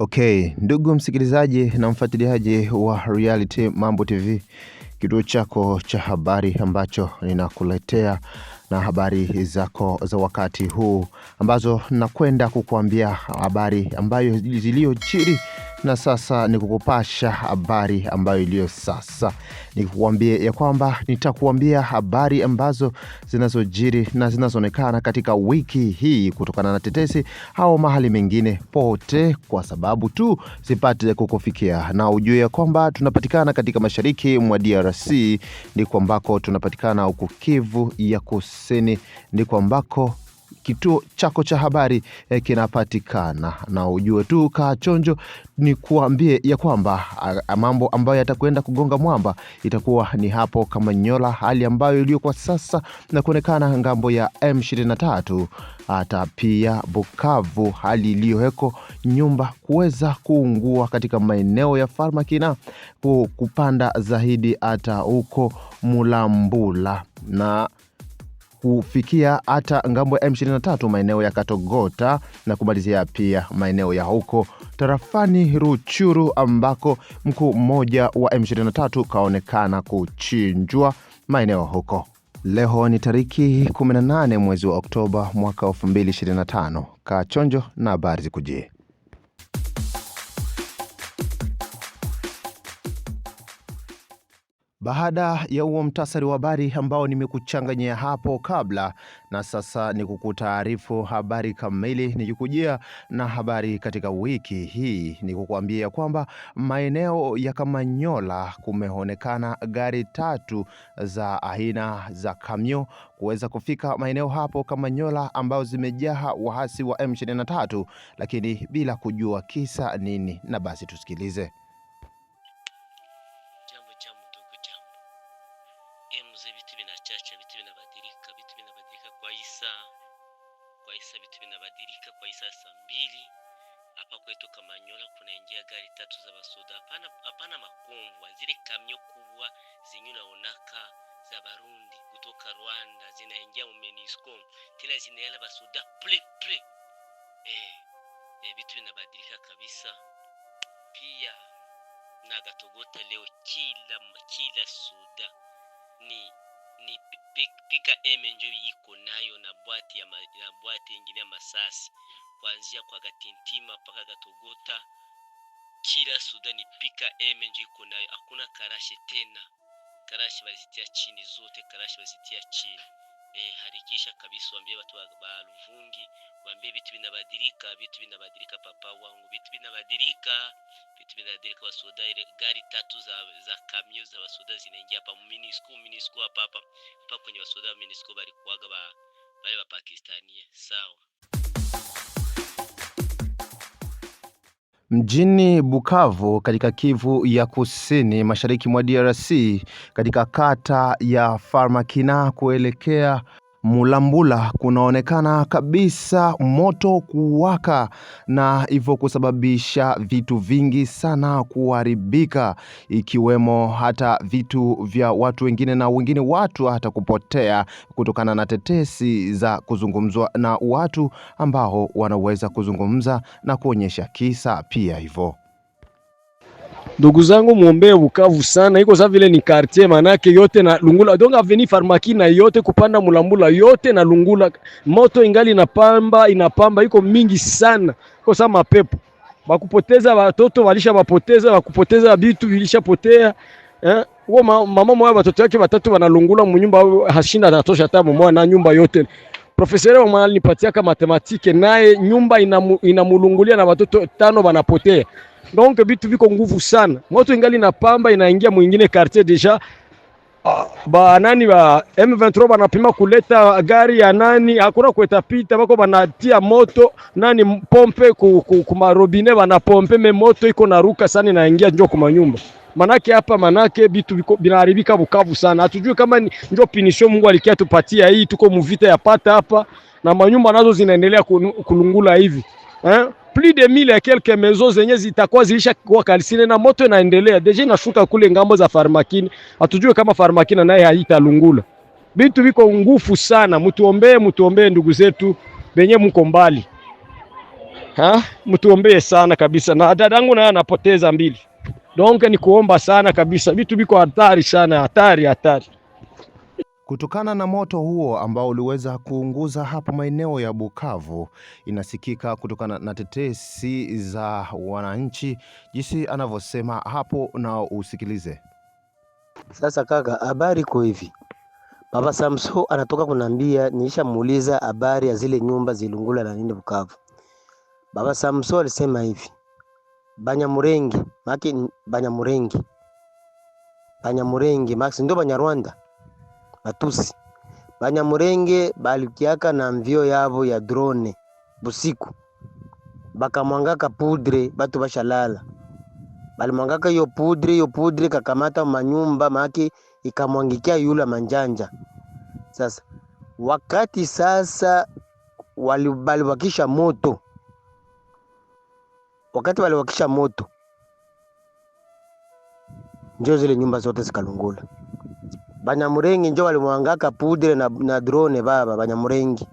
Okay, ndugu msikilizaji na mfuatiliaji wa Reality Mambo TV, kituo chako cha habari ambacho ninakuletea na habari zako za wakati huu ambazo nakwenda kukuambia habari ambayo chiri na sasa ni kukupasha habari ambayo iliyo sasa, nikuambie ya kwamba nitakuambia habari ambazo zinazojiri na zinazoonekana katika wiki hii kutokana na tetesi au mahali mengine pote, kwa sababu tu zipate kukufikia na ujue ya kwamba tunapatikana katika mashariki mwa DRC, ndiko ambako tunapatikana huku Kivu ya Kusini, ndiko ambako kituo chako cha habari eh, kinapatikana na ujue tu, kaa chonjo, ni kuambie ya kwamba mambo ambayo yatakwenda kugonga mwamba itakuwa ni hapo Kamanyola, hali ambayo iliyo kwa sasa na kuonekana ngambo ya M23, hata pia Bukavu, hali iliyoweko nyumba kuweza kuungua katika maeneo ya Farmakina kupanda zaidi hata huko Mulambula na kufikia hata ngambo ya M23 maeneo ya Katogota na kumalizia pia maeneo ya huko tarafani Ruchuru ambako mkuu mmoja wa M23 kaonekana kuchinjwa maeneo huko. Leo ni tariki 18 mwezi wa Oktoba mwaka 2025. Kaa chonjo na habari zikujie. Baada ya huo mtasari wa habari ambao nimekuchanganyia hapo kabla, na sasa ni kukutaarifu habari kamili, nikikujia na habari katika wiki hii, ni kukuambia kwamba maeneo ya Kamanyola kumeonekana gari tatu za aina za kamyo kuweza kufika maeneo hapo Kamanyola, ambao zimejaa waasi wa M23, lakini bila kujua kisa nini. Na basi tusikilize jambo jambo ndugu jambo. E mzee, vitu vinachacha, vitu vinabadilika, vitu vinabadilika kwa isa kwa isa, vitu vinabadilika kwa isa. Saa mbili hapa kwetu Kamanyola njia gari tatu za basuda hapana hapana, makomvwa zile kamyo kubwa zinyuna onaka za Barundi kutoka Rwanda zinaingia mu Meniscom tena zinaela basuda ple ple. Eh, eh, bina vinabadilika kabisa pia n'agatogota leo kila kila suda ni ni pika eme njo iko nayo na bwati ya ma, na bwati ingine ya masasi kuanzia kwa gatintima mpaka gatogota kila suda ni pika eme njo iko nayo hakuna karashe tena karashe bazitia chini zote karashe bazitia chini Eh, harikisha kabisa, wambie watu wa Luvungi, wambie vitu vinabadilika, vitu vinabadilika, papa wangu, vitu vinabadilika, vitu vinabadilika. Wasoda ile gari tatu za za kamio za wasoda zinaingia hapa Minisco, Minisco hapa hapa hapa kwenye wasoda wa bali kuaga ba bali ba Pakistania, sawa Mjini Bukavu katika Kivu ya Kusini, mashariki mwa DRC, katika kata ya Farmakina kuelekea Mulambula kunaonekana kabisa moto kuwaka na hivyo kusababisha vitu vingi sana kuharibika, ikiwemo hata vitu vya watu wengine na wengine watu hata kupotea kutokana na tetesi za kuzungumzwa na watu ambao wanaweza kuzungumza na kuonyesha kisa pia hivyo Ndugu zangu muombee Bukavu sana, iko saa vile ni quartier manake yote na Lungula donc aveni farmaki na yote kupanda mulambula yote na Lungula, moto ingali inapamba inapamba, iko mingi sana, iko saa mapepo bakupoteza watoto walisha wapoteza, bakupoteza bitu vilishapotea eh? Uo mama moya watoto yake watatu wanalungula munyumba, hashinda tatosha hata mmoja na nyumba yote. Profesori wa mwanalinipatia kama matematike, naye nyumba inamulungulia na watoto tano wanapotea donc bitu viko nguvu sana, moto ingali na pamba inaingia mwingine quartier deja. Ah, ba nani ba M23 banapima kuleta gari ya nani, hakuna kweta pita, bako banatia moto nani pompe ku, ku, ku marobine banapompe me moto iko naruka sana inaingia njo kuma nyumba manake hapa, manake bitu binaharibika Bukavu sana. Hatujui kama ndio pinisho Mungu alikia tupatia hii, tuko muvita yapata hapa na manyumba nazo zinaendelea kulungula hivi eh? plus de mille ya quelque maisons zenye zitakuwa zilisha kuwa kalisine na moto inaendelea deja inashuka kule ngambo za Farmakini. Hatujue kama Farmakini naye haitalungula bitu biko ngufu sana. Mutuombee, mutuombee ndugu zetu benye mko mbali, mutuombee sana kabisa, na dadangu naye anapoteza mbili, donc ni kuomba sana kabisa, vitu viko hatari sana, hatari hatari. Kutokana na moto huo ambao uliweza kuunguza hapo maeneo ya Bukavu, inasikika kutokana na tetesi za wananchi, jinsi anavyosema hapo, na usikilize. Sasa kaka, habari iko hivi, Baba Samso anatoka kunambia, niishamuuliza habari ya zile nyumba zilungula na nini Bukavu. Baba Samso alisema hivi, Banyamurenge maki Banyamurenge Banyamurenge maki ndio Banyarwanda Batusi, banyamurenge balikiaka na mvio yavo ya drone busiku, bakamwangaka pudre, batu bashalala, balimwangaka hiyo pudre. Iyo pudre kakamata manyumba make, ikamwangikia yula manjanja. Sasa wakati sasa baliwakisha moto, wakati baliwakisha moto, njo zile nyumba zote zikalungula. Banyamurengi njo walimwangaka pudre na, na drone baba Banyamurengi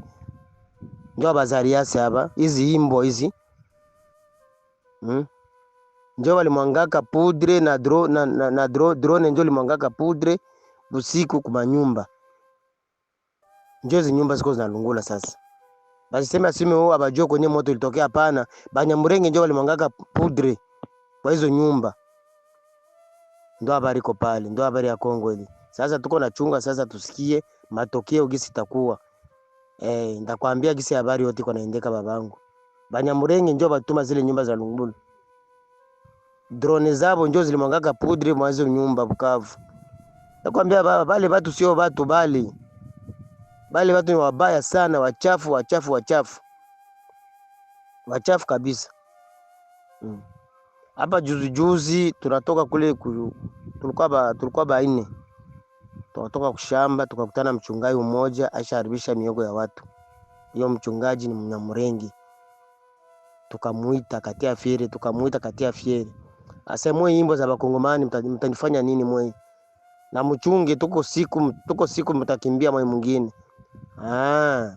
njo abazariasi aba izi imbo izi hmm? njo walimwangaka pudre na, dro, na, na, na dro, drone njo walimwangaka pudre busiku kumanyumba njo zi nyumba ziko zinalungula sasa basisema asime huo oh, abajue kwenye moto ilitokea. Hapana, banyamurengi njo walimwangaka pudre kwa hizo nyumba. Ndo habari ko pale, ndo habari ya Kongo ili sasa tuko na chunga sasa, tusikie matokeo gisi takuwa. Eh, ndakwambia gisi habari yote kwa naendeka babangu. Banyamurenge njoo batuma zile nyumba za Lungulu. Drone zabo njoo zilimwangaka pudri mwanzo nyumba Bukavu. Nakwambia baba, bale watu sio watu bali. Bale watu ni wabaya sana, wachafu, wachafu, wachafu. Wachafu kabisa. Hmm. Hapa hmm. Juzi juzi tunatoka kule tulikuwa ba, tulikuwa baine tunatoka kushamba tukakutana mchungaji mmoja asharibisha miogo ya watu. Hiyo mchungaji ni Mnyamrengi, tukamuita katia fieri, tukamuita katia fieri, asemwe nyimbo za Bakongomani, mtanifanya nini mwe na mchungi? tuko siku tuko siku mtakimbia mwe mwingine. Ah,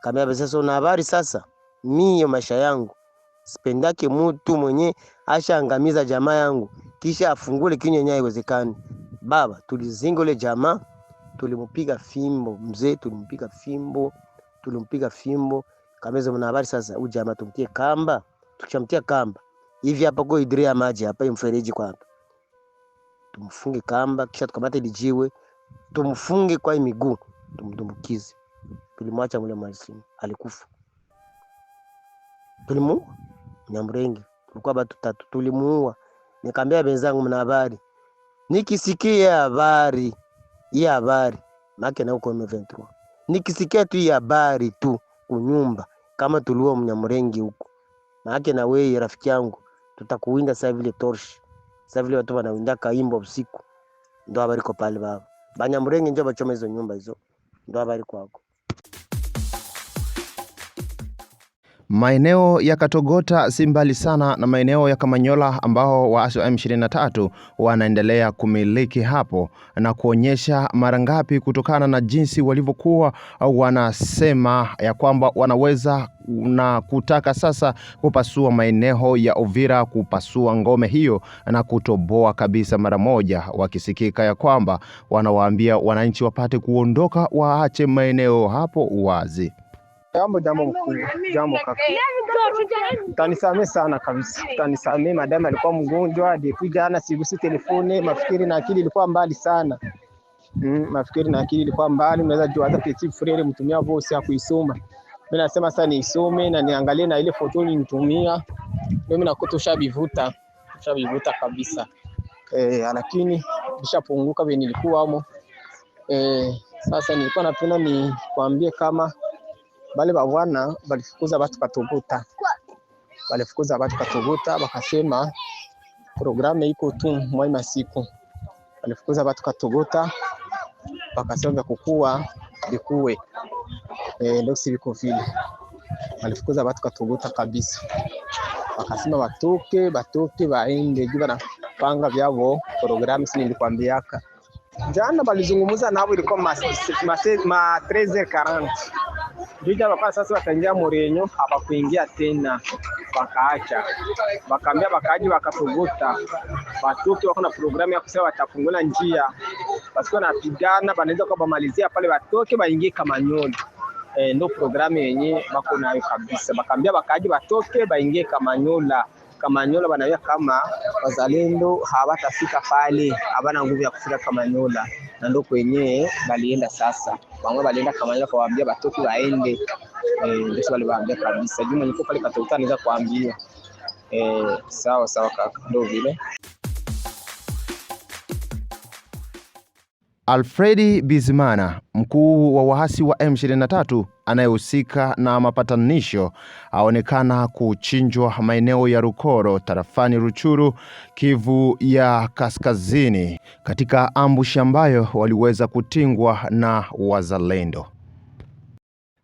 kamera sasa, una habari sasa, mimi yo maisha yangu sipendake mtu mwenye ashaangamiza jamaa yangu kisha afungule kinywa, nyaya haiwezekani baba, tulizinga ule jamaa, tulimpiga fimbo mzee, tulimpiga fimbo, tulimpiga fimbo kameza. Mna habari sasa, huyu jamaa tumtie kamba, tukishamtia kamba hivi hapa kwa idria maji hapa, mfereji kwa hapa, tumfunge kamba, kisha tukamata ile jiwe tumfunge kwa miguu, tumdumbukize. Tulimwacha mule mwalimu, alikufa. Tulimu Nyamrenge, tulikuwa watu tatu, tulimuua. Nikamwambia benzangu, mna habari nikisikia habari hii habari make na uko M23, nikisikia tu hii habari tu kunyumba kama tuliwa mnyamurengi huko, make na wewe rafiki yangu tutakuwinda sasa vile torch, sasa vile watu wanawinda kaimbo usiku, ndo habari kwa pale baba banyamurengi njoo bachoma hizo nyumba hizo, ndo habari kwako. Maeneo ya Katogota si mbali sana na maeneo ya Kamanyola ambao waasi wa M23 wanaendelea kumiliki hapo na kuonyesha mara ngapi, kutokana na jinsi walivyokuwa wanasema ya kwamba wanaweza na kutaka sasa kupasua maeneo ya Uvira, kupasua ngome hiyo na kutoboa kabisa mara moja, wakisikika ya kwamba wanawaambia wananchi wapate kuondoka, waache maeneo hapo wazi. Jambo jambo mkubwa. jambo kaka, utanisamee sana kabisa, utanisamee madam. Alikuwa mgonjwa depuis jana, sigusi telefone, mafikiri na akili ilikuwa mbali sana. Mm, mafikiri na akili ilikuwa mbali, unaweza jua hata petit frère mtumia voice ya kuisoma. Mimi nasema sasa niisome na niangalie na ile photo ulinitumia, ndio mimi nakutosha bivuta, tusha bivuta kabisa eh, lakini nishapunguka vile nilikuwa amo. Eh, sasa nilikuwa napenda nikwambie kama Bale babwana balifukuza batu katuguta, balifukuza batu katuguta, bakasema programu iko tu masiku siku. Balifukuza batu katuguta, bakasema kukua bikuwe eh, ndio si biko vile. Balifukuza batu katuguta kabisa, bakasema batoke, batoke baende jiba na panga vyabo. Programu si nilikwambiaka jana, balizungumuza nabo ilikuwa ma 13:40 Juja wakawa sasa wakaingia murenyo hawakuingia tena, wakaacha wakaambia wakaaji wakasuguta batuke wako na programu ya kusema watafungula njia basikiwa napigana banaweza kwa bamalizia pale watoke baingie Kamanyoni. E, eh, ndo programu yenye bako nayo kabisa. wakaambia bakaji watoke baingie Kamanyola. Kamanyola banawia kama wazalendo hawatafika pale, habana nguvu ya kufika Kamanyola na ndo kwenye balienda sasa, bamwe balienda kamanila kuwaambia batoki baende eh, ndio waliwaambia kabisa. Juma niko pale katauta niza kuambia eh, sawa sawa kaka, ndio vile Alfredi Bizimana, mkuu wa waasi wa M23 anayehusika na mapatanisho, aonekana kuchinjwa maeneo ya Rukoro tarafani Ruchuru, Kivu ya Kaskazini, katika ambushi ambayo waliweza kutingwa na wazalendo.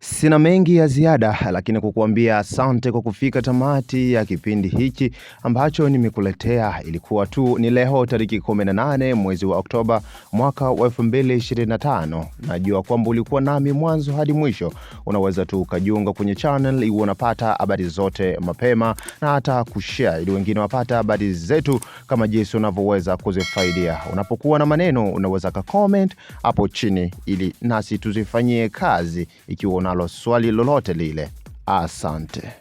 Sina mengi ya ziada, lakini kukuambia asante kwa kufika tamati ya kipindi hiki ambacho nimekuletea. Ilikuwa tu ni leo tariki 18 mwezi wa Oktoba mwaka wa 2025. Najua kwamba ulikuwa nami mwanzo hadi mwisho. Unaweza tu ukajiunga kwenye channel iwe unapata habari zote mapema na hata kushare ili wengine wapate habari zetu kama jinsi unavyoweza kuzifaidia. Unapokuwa na maneno, unaweza ka comment hapo chini ili nasi tuzifanyie kazi ikiwa unalo swali lolote lile. Asante.